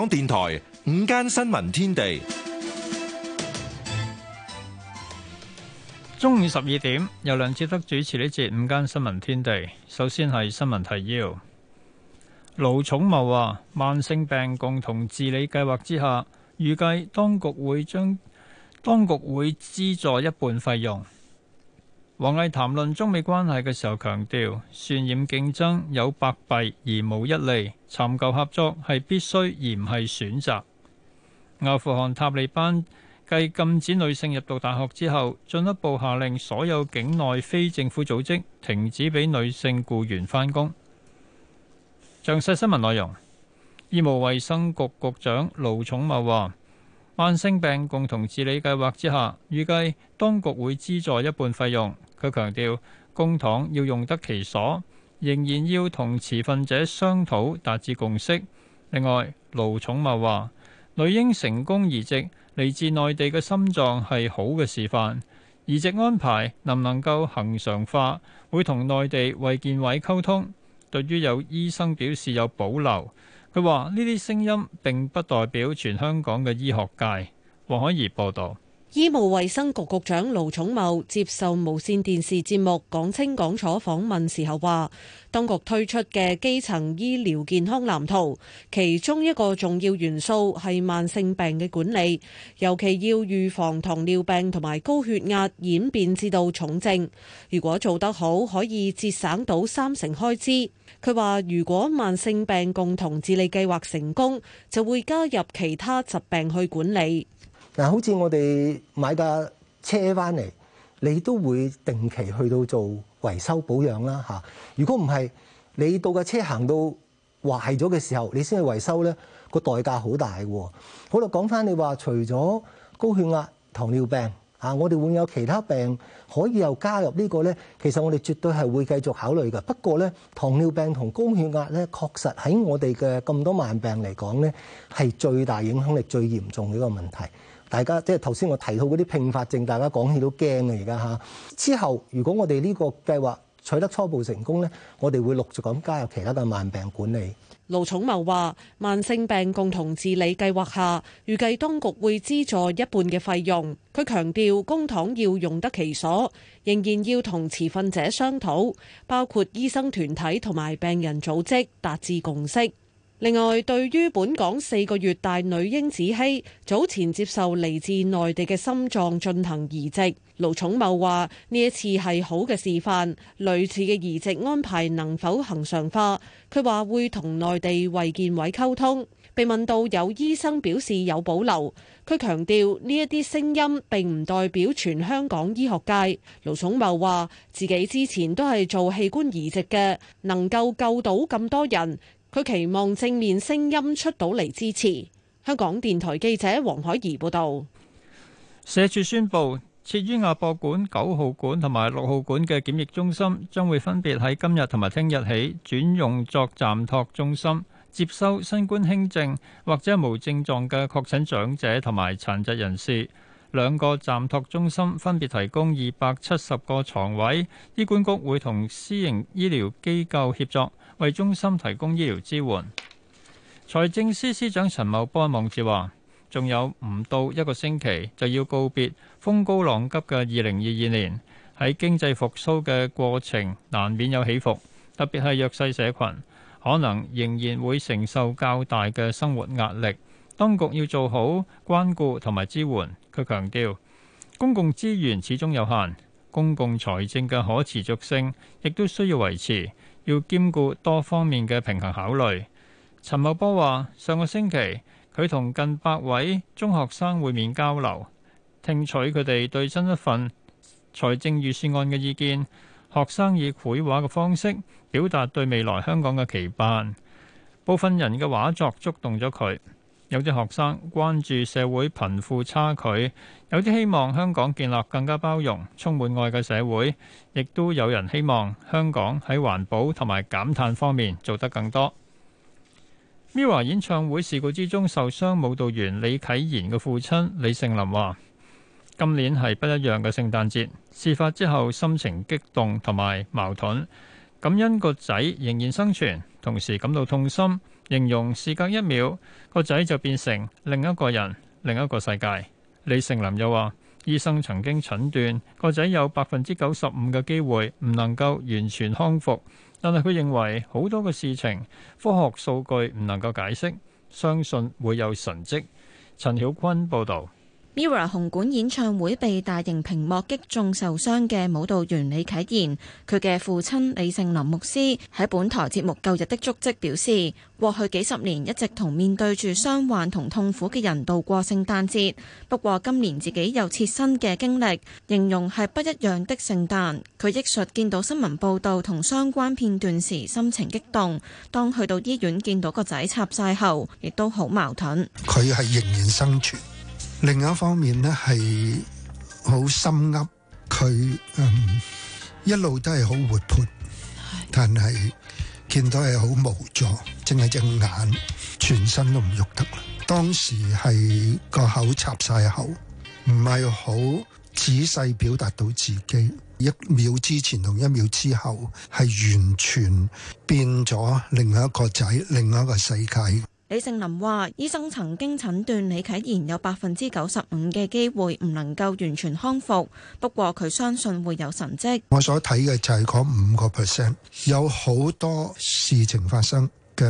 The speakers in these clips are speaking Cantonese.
港電台午間新聞天地，中午十二點，由梁志德主持呢節午間新聞天地。首先係新聞提要，盧寵茂話，慢性病共同治理計劃之下，預計當局會將當局會資助一半費用。王毅談論中美關係嘅時候，強調渲染競爭有百弊而無一利，尋求合作係必須而唔係選擇。阿富汗塔利班繼禁止女性入讀大學之後，進一步下令所有境內非政府組織停止俾女性僱員返工。詳細新聞內容，醫務衛生局局長盧寵茂話：慢性病共同治理計劃之下，預計當局會資助一半費用。佢強調公帑要用得其所，仍然要同持份者商討達至共識。另外，盧寵茂話女嬰成功移植嚟自內地嘅心臟係好嘅示範，移植安排能唔能夠恒常化，會同內地衞健委溝通。對於有醫生表示有保留，佢話呢啲聲音並不代表全香港嘅醫學界。黃海怡報導。醫務衛生局局長盧寵茂接受無綫電視節目《講清講楚》訪問時候話，當局推出嘅基層醫療健康藍圖，其中一個重要元素係慢性病嘅管理，尤其要預防糖尿病同埋高血壓演變至到重症。如果做得好，可以節省到三成開支。佢話，如果慢性病共同治理計劃成功，就會加入其他疾病去管理。嗱，好似我哋買架車翻嚟，你都會定期去到做維修保養啦，嚇！如果唔係，你到架車行到壞咗嘅時候，你先去維修咧，個代價好大喎。好啦，講翻你話，除咗高血壓、糖尿病啊，我哋會有其他病可以又加入呢個咧。其實我哋絕對係會繼續考慮㗎。不過咧，糖尿病同高血壓咧，確實喺我哋嘅咁多慢病嚟講咧，係最大影響力、最嚴重嘅一個問題。大家即係頭先我提到嗰啲併發症，大家講起都驚啊而家吓。之後如果我哋呢個計劃取得初步成功咧，我哋會陸續咁加入其他嘅慢病管理。盧寵茂話，慢性病共同治理計劃下，預計當局會資助一半嘅費用。佢強調公帑要用得其所，仍然要同持份者商討，包括醫生團體同埋病人組織達至共識。另外，對於本港四個月大女嬰子希，早前接受嚟自內地嘅心臟進行移植，盧寵茂話：呢一次係好嘅示範，類似嘅移植安排能否恒常化？佢話會同內地衛健委溝通。被問到有醫生表示有保留，佢強調呢一啲聲音並唔代表全香港醫學界。盧寵茂話：自己之前都係做器官移植嘅，能夠救到咁多人。佢期望正面聲音出到嚟支持。香港電台記者黃海怡報道，社署宣布，設於亞博館九號館同埋六號館嘅檢疫中心，將會分別喺今日同埋聽日起轉用作暫托中心，接收新冠輕症或者無症狀嘅確診長者同埋殘疾人士。兩個暫托中心分別提供二百七十個床位。醫管局會同私營醫療機構協作，為中心提供醫療支援。財政司司長陳茂波網誌話，仲有唔到一個星期就要告別風高浪急嘅二零二二年，喺經濟復甦嘅過程難免有起伏，特別係弱勢社群，可能仍然會承受較大嘅生活壓力。當局要做好關顧同埋支援。佢強調，公共資源始終有限，公共財政嘅可持續性亦都需要維持。要兼顧多方面嘅平衡考慮，陳茂波話上個星期，佢同近百位中學生會面交流，聽取佢哋對新一份財政預算案嘅意見，學生以繪畫嘅方式表達對未來香港嘅期盼，部分人嘅畫作觸動咗佢。有啲學生關注社會貧富差距，有啲希望香港建立更加包容、充滿愛嘅社會，亦都有人希望香港喺環保同埋減碳方面做得更多。MIRROR 演唱會事故之中受傷舞蹈員李啟言嘅父親李盛林話：今年係不一樣嘅聖誕節。事發之後心情激動同埋矛盾，感恩個仔仍然生存，同時感到痛心。形容事隔一秒，個仔就變成另一個人、另一個世界。李盛林又話：醫生曾經診斷個仔有百分之九十五嘅機會唔能夠完全康復，但係佢認為好多嘅事情科學數據唔能夠解釋，相信會有神蹟。陳曉坤報導。Mirror 紅館演唱會被大型屏幕擊中受傷嘅舞蹈員李啟言，佢嘅父親李盛林牧師喺本台節目《舊日的足跡》表示，過去幾十年一直同面對住傷患同痛苦嘅人度過聖誕節，不過今年自己又切身嘅經歷，形容係不一樣的聖誕。佢憶述見到新聞報道同相關片段時心情激動，當去到醫院見到個仔插晒后，亦都好矛盾。佢係仍然生存。另一方面呢係好心噏，佢、嗯、一路都係好活潑，的但係見到係好無助，淨係只隻眼，全身都唔喐得啦。當時係個口插晒喉，唔係好仔細表達到自己。一秒之前同一秒之後，係完全變咗另外一個仔，另外一個世界。李勝林話：醫生曾經診斷李啟賢有百分之九十五嘅機會唔能夠完全康復，不過佢相信會有神跡。我所睇嘅就係嗰五個 percent，有好多事情發生嘅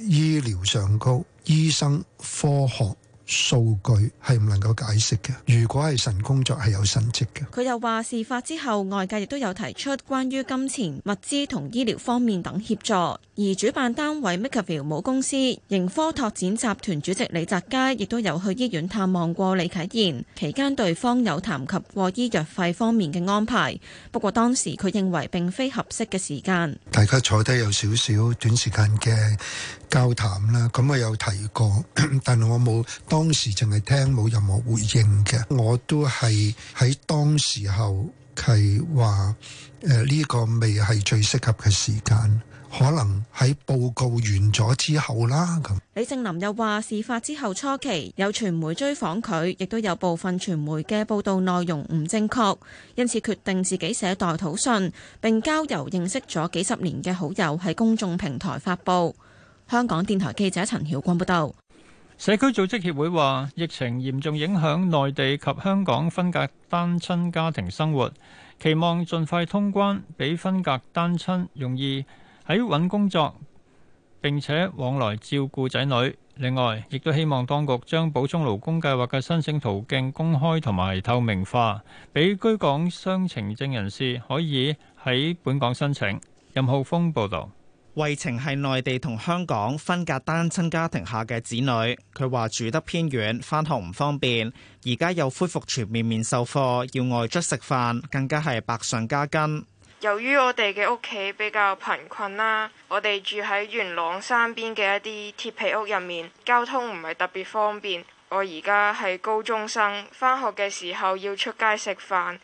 醫療上高醫生科學。數據係唔能夠解釋嘅。如果係神工作係有神蹟嘅。佢又話：事發之後，外界亦都有提出關於金錢、物資同醫療方面等協助。而主辦單位 MakerVille 母公司盈科拓展集團主席李澤楷亦都有去醫院探望過李啟言，期間對方有談及過醫藥費方面嘅安排。不過當時佢認為並非合適嘅時間。大家坐低有少少短時間嘅交談啦，咁我有提過，但係我冇當時淨係聽冇任何回應嘅。我都係喺當時候係話誒，呢個未係最適合嘅時間，可能喺報告完咗之後啦。咁李正林又話，事發之後初期有傳媒追訪佢，亦都有部分傳媒嘅報道內容唔正確，因此決定自己寫代討信，並交由認識咗幾十年嘅好友喺公眾平台發布。香港電台記者陳曉君報道，社區組織協會話，疫情嚴重影響內地及香港分隔單親家庭生活，期望盡快通關，俾分隔單親容易喺揾工作，並且往來照顧仔女。另外，亦都希望當局將補充勞工計劃嘅申請途徑公開同埋透明化，俾居港雙程證人士可以喺本港申請。任浩峰報道。惠晴係內地同香港分隔單親家庭下嘅子女，佢話住得偏遠，返學唔方便，而家又恢復全面面授課，要外出食飯，更加係百上加斤。由於我哋嘅屋企比較貧困啦，我哋住喺元朗山邊嘅一啲鐵皮屋入面，交通唔係特別方便。我而家係高中生，返學嘅時候要出街食飯。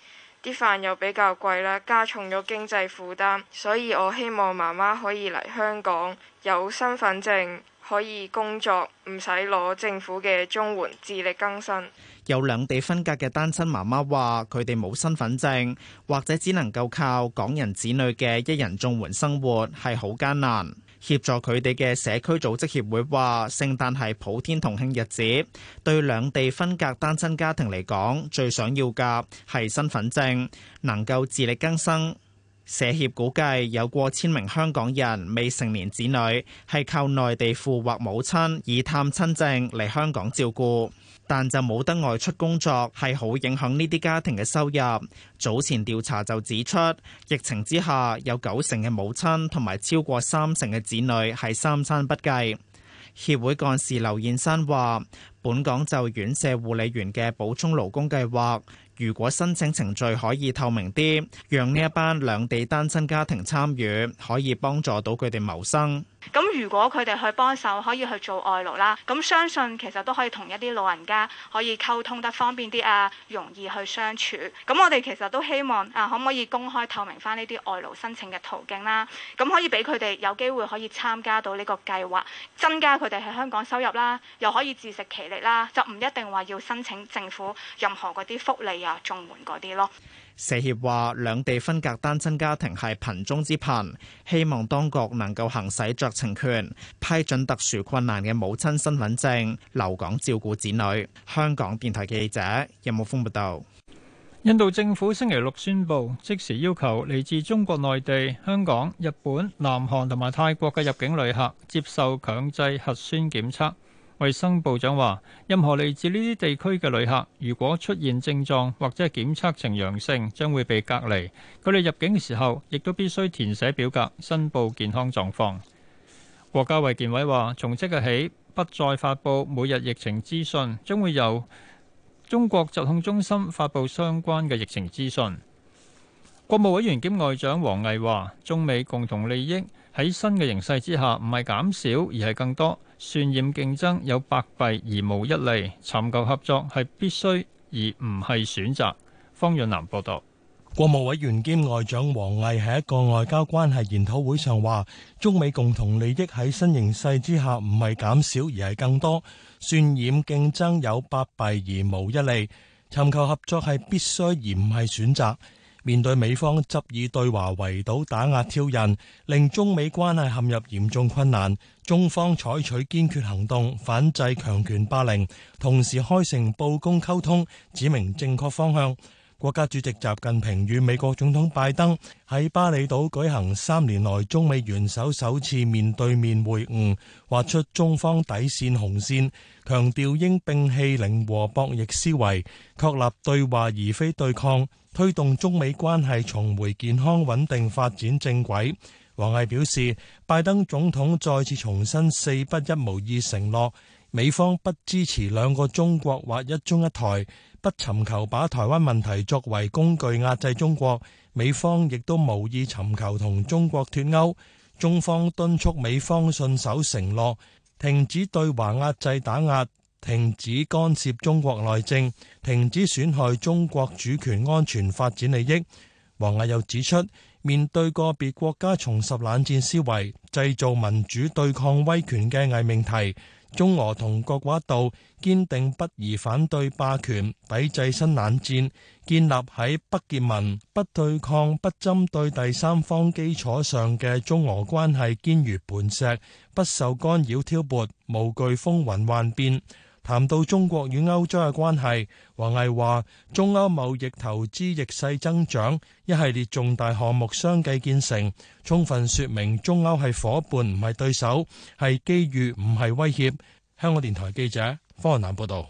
啲飯又比較貴啦，加重咗經濟負擔，所以我希望媽媽可以嚟香港，有身份證，可以工作，唔使攞政府嘅綜援，自力更生。有兩地分隔嘅單親媽媽話，佢哋冇身份證，或者只能夠靠港人子女嘅一人綜援生活，係好艱難。協助佢哋嘅社區組織協會話：聖誕係普天同慶日子，對兩地分隔單親家庭嚟講，最想要嘅係身份證，能夠自力更生。社協估計有過千名香港人未成年子女係靠內地父或母親以探親證嚟香港照顧。但就冇得外出工作，係好影響呢啲家庭嘅收入。早前調查就指出，疫情之下有九成嘅母親同埋超過三成嘅子女係三餐不繼。協會幹事劉燕山話，本港就院舍護理員嘅補充勞工計劃，如果申請程序可以透明啲，讓呢一班兩地單親家庭參與，可以幫助到佢哋謀生。咁如果佢哋去幫手，可以去做外勞啦。咁相信其實都可以同一啲老人家可以溝通得方便啲啊，容易去相處。咁我哋其實都希望啊，可唔可以公開透明返呢啲外勞申請嘅途徑啦？咁可以俾佢哋有機會可以參加到呢個計劃，增加佢哋喺香港收入啦，又可以自食其力啦，就唔一定話要申請政府任何嗰啲福利啊、綜援嗰啲咯。社協話，兩地分隔單親家庭係貧中之貧，希望當局能夠行使酌情權，批准特殊困難嘅母親身份證留港照顧子女。香港電台記者任慕峰報道。印度政府星期六宣布，即時要求嚟自中國內地、香港、日本、南韓同埋泰國嘅入境旅客接受強制核酸檢測。衛生部長話：任何嚟自呢啲地區嘅旅客，如果出現症狀或者係檢測呈陽性，將會被隔離。佢哋入境嘅時候亦都必須填寫表格，申報健康狀況。國家衛健委話：從即日起不再發布每日疫情資訊，將會由中國疾控中心發布相關嘅疫情資訊。國務委員兼外長王毅話：中美共同利益喺新嘅形勢之下唔係減少而係更多。渲染競爭有百弊而無一利，尋求合作係必須而唔係選擇。方潤南報道。國務委員兼外長王毅喺一個外交關係研討會上話：中美共同利益喺新形勢之下唔係減少而係更多。渲染競爭有百弊而無一利，尋求合作係必須而唔係選擇。面對美方執意對華圍堵打壓挑釁，令中美關係陷入嚴重困難，中方採取堅決行動反制強權霸凌，同時開誠布公溝通，指明正確方向。國家主席習近平與美國總統拜登喺巴厘島舉行三年來中美元首首次面對面會晤，劃出中方底線紅線，強調應摒棄零和博弈思維，確立對話而非對抗。推動中美關係重回健康穩定發展正軌，王毅表示，拜登總統再次重申四不一無意承諾，美方不支持兩個中國或一中一台，不尋求把台灣問題作為工具壓制中國，美方亦都無意尋求同中國脫鉤，中方敦促美方信守承諾，停止對華壓制打壓。停止干涉中國內政，停止損害中國主權、安全、發展利益。王毅又指出，面對個別國家重拾冷戰思維、製造民主對抗威權嘅偽命題，中俄同各國一道，堅定不移反對霸權、抵制新冷戰，建立喺不結盟、不對抗、不針對第三方基礎上嘅中俄關係，堅如磐石，不受干擾挑撥，無懼風雲幻變。談到中國與歐洲嘅關係，王毅話：中歐貿易投資逆勢增長，一系列重大項目相繼建成，充分説明中歐係夥伴，唔係對手，係機遇，唔係威脅。香港電台記者方雲南報導。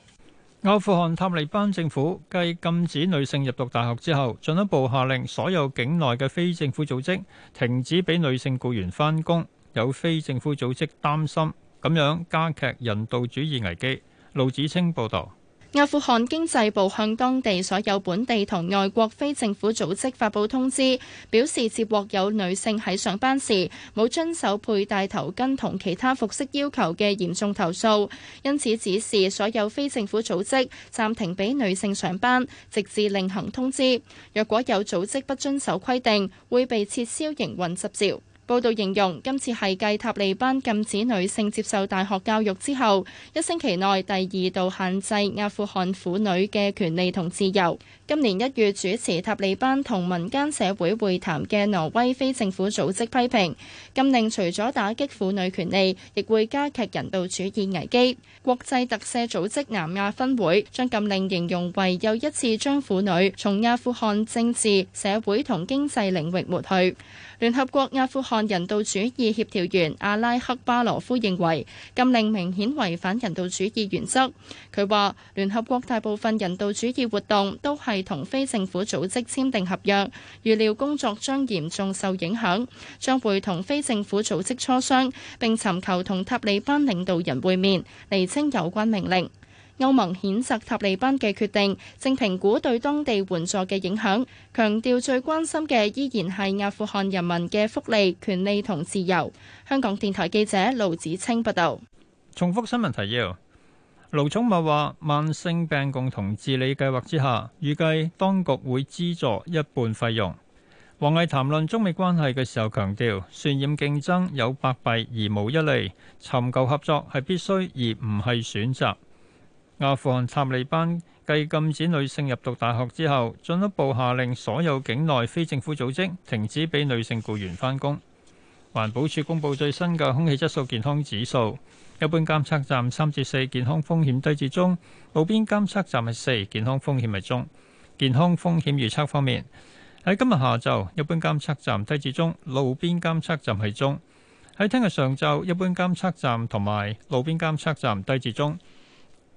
阿富汗塔利班政府繼禁止女性入讀大學之後，進一步下令所有境內嘅非政府組織停止俾女性僱員返工。有非政府組織擔心咁樣加劇人道主義危機。路子清報道，阿富汗經濟部向當地所有本地同外國非政府組織發佈通知，表示接獲有女性喺上班時冇遵守佩戴頭巾同其他服飾要求嘅嚴重投訴，因此指示所有非政府組織暫停俾女性上班，直至另行通知。若果有組織不遵守規定，會被撤銷營運執照。報道形容今次係繼塔利班禁止女性接受大學教育之後，一星期內第二度限制阿富汗婦女嘅權利同自由。今年一月主持塔利班同民間社會會談嘅挪威非政府組織批評，禁令除咗打擊婦女權利，亦會加劇人道主義危機。國際特赦組織南亞分會將禁令形容為又一次將婦女從阿富汗政治、社會同經濟領域抹去。聯合國阿富汗人道主義協調員阿拉克巴羅夫認為禁令明顯違反人道主義原則。佢話，聯合國大部分人道主義活動都係同非政府組織簽訂合約，預料工作將嚴重受影響，將會同非政府組織磋商，並尋求同塔利班領導人會面，釐清有關命令。歐盟譴責塔利班嘅決定，正評估對當地援助嘅影響，強調最關心嘅依然係阿富汗人民嘅福利、權利同自由。香港電台記者盧子清報道。重複新聞提要：盧寵茂話，慢性病共同治理計劃之下，預計當局會資助一半費用。王毅談論中美關係嘅時候強調，強調渲染競爭有百弊而無一利，尋求合作係必須而唔係選擇。阿富汗塔利班繼禁止女性入讀大學之後，進一步下令所有境內非政府組織停止俾女性雇員翻工。環保署公布最新嘅空氣質素健康指數，一般監測站三至四，健康風險低至中；路邊監測站係四，健康風險係中。健康風險預測方面，喺今日下晝一般監測站低至中，路邊監測站係中；喺聽日上晝一般監測站同埋路邊監測站低至中。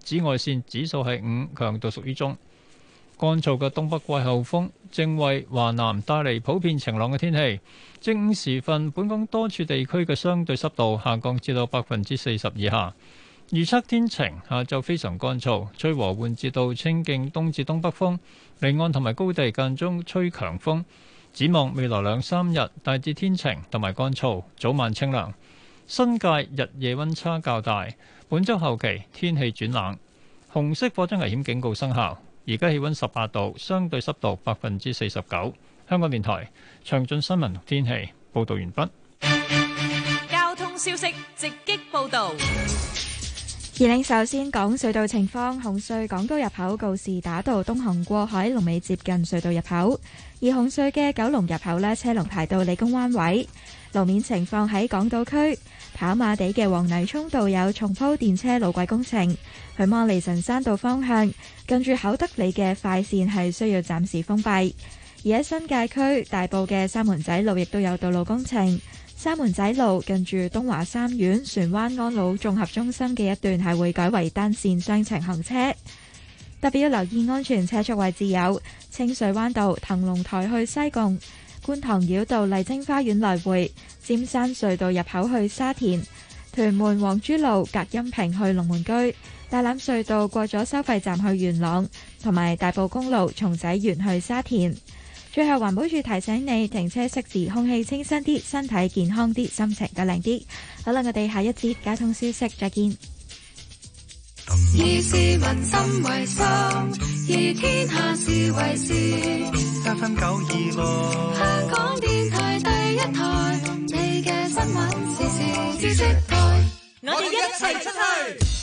紫外線指數係五，強度屬於中。乾燥嘅東北季候風正為華南帶嚟普遍晴朗嘅天氣。正午時分，本港多處地區嘅相對濕度下降至到百分之四十以下。預測天晴，下晝非常乾燥，吹和緩至到清勁東至東北風。離岸同埋高地間中吹強風。展望未來兩三日，大致天晴同埋乾燥，早晚清涼。新界日夜溫差較大。本周後期天氣轉冷，紅色火災危險警告生效。而家氣温十八度，相對濕度百分之四十九。香港電台詳盡新聞天氣報道完畢。交通消息直擊報道。而令，首先講隧道情況，紅隧港島入口告士打道東行過海龍尾接近隧道入口，而紅隧嘅九龍入口咧車龍排到理工灣位。路面情況，喺港島區，跑馬地嘅黃泥涌道有重鋪電車路軌工程。去摩理臣山道方向，近住厚德里嘅快線係需要暫時封閉。而喺新界區，大埔嘅三門仔路亦都有道路工程。三門仔路近住東華三院船灣安老綜合中心嘅一段係會改為單線雙程行車，特別要留意安全車速位置，有清水灣道騰龍台去西貢、觀塘繞道麗晶花園來回、尖山隧道入口去沙田、屯門黃珠路隔音屏去龍門居、大欖隧道過咗收費站去元朗，同埋大埔公路松仔園去沙田。最後環保署提醒你停車熄匙，空氣清新啲，身體健康啲，心情更靚啲。好啦，我哋下一節交通消息再見。以市民心為心，以天下事為事，FM 九二六。香港電台第一台，你嘅新聞時事知識台，我哋一齊出去。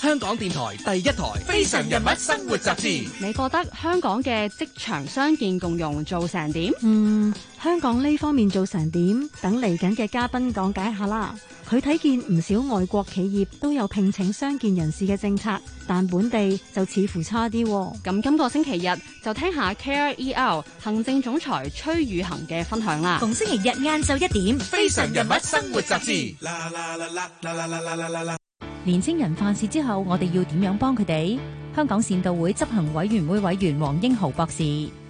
香港電台第一台《非常人物生活雜誌》，你覺得香港嘅職場傷健共融做成點？嗯，香港呢方面做成點？等嚟緊嘅嘉賓講解下啦。佢睇見唔少外國企業都有聘請傷健人士嘅政策，但本地就似乎差啲。咁今個星期日就聽下 Care EL 行政總裁崔宇恒嘅分享啦。逢星期日晏晝一點，《非常人物生活雜誌》。年青人犯事之後，我哋要點樣幫佢哋？香港善導會執行委員會委員黃英豪博士，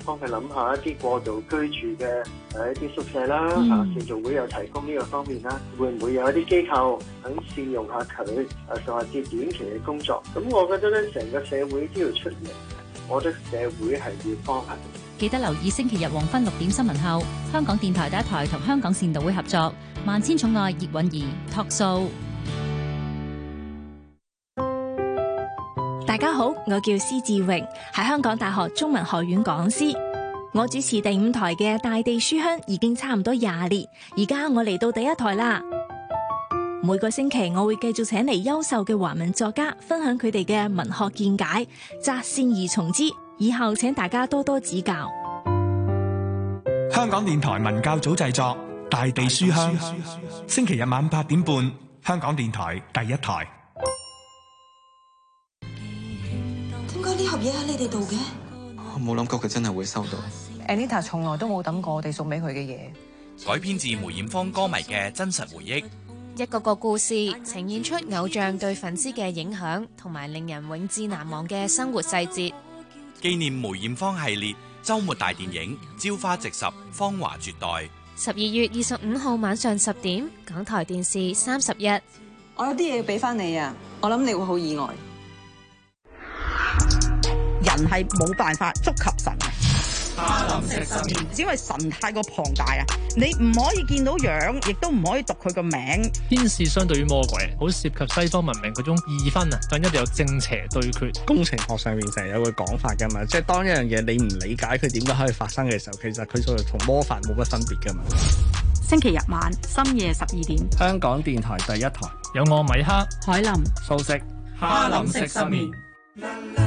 幫佢諗下一啲過渡居住嘅，係一啲宿舍啦。善導會有提供呢個方面啦。會唔會有一啲機構肯善用下佢誒數日至短期嘅工作？咁我覺得咧，成個社會都要出力。我覺得社會係要幫襯。記得留意星期日黃昏六點新聞後，香港電台第一台同香港善導會合作《萬千寵愛》，葉允兒託數。大家好，我叫施志榮，係香港大學中文學院講師。我主持第五台嘅《大地書香》已經差唔多廿年，而家我嚟到第一台啦。每個星期我會繼續請嚟優秀嘅華文作家，分享佢哋嘅文學見解，擇善而從之。以後請大家多多指教。香港電台文教組製作《大地書香》書香，星期日晚八點半，香港電台第一台。你哋度嘅，我冇諗過佢真係會收到。Anita 從來都冇等過我哋送俾佢嘅嘢。改編自梅艷芳歌迷嘅真實回憶，一個個故事呈現出偶像對粉絲嘅影響，同埋令人永志難忘嘅生活細節。紀 念梅艷芳系列週末大電影《朝花夕拾》《芳華絕代》。十二月二十五號晚上十點，港台電視三十一。我有啲嘢要俾翻你啊！我諗你會好意外。人係冇辦法觸及神，哈林式失眠，只因為神太過龐大啊！你唔可以見到樣，亦都唔可以讀佢個名。天使相對於魔鬼，好涉及西方文明嗰種二分啊，但一定有正邪對決。工程學上面成日有個講法噶嘛，即係當一樣嘢你唔理解佢點解可以發生嘅時候，其實佢就同魔法冇乜分別噶嘛。星期日晚深夜十二點，香港電台第一台有我米克、海林、素食、哈林、式失眠。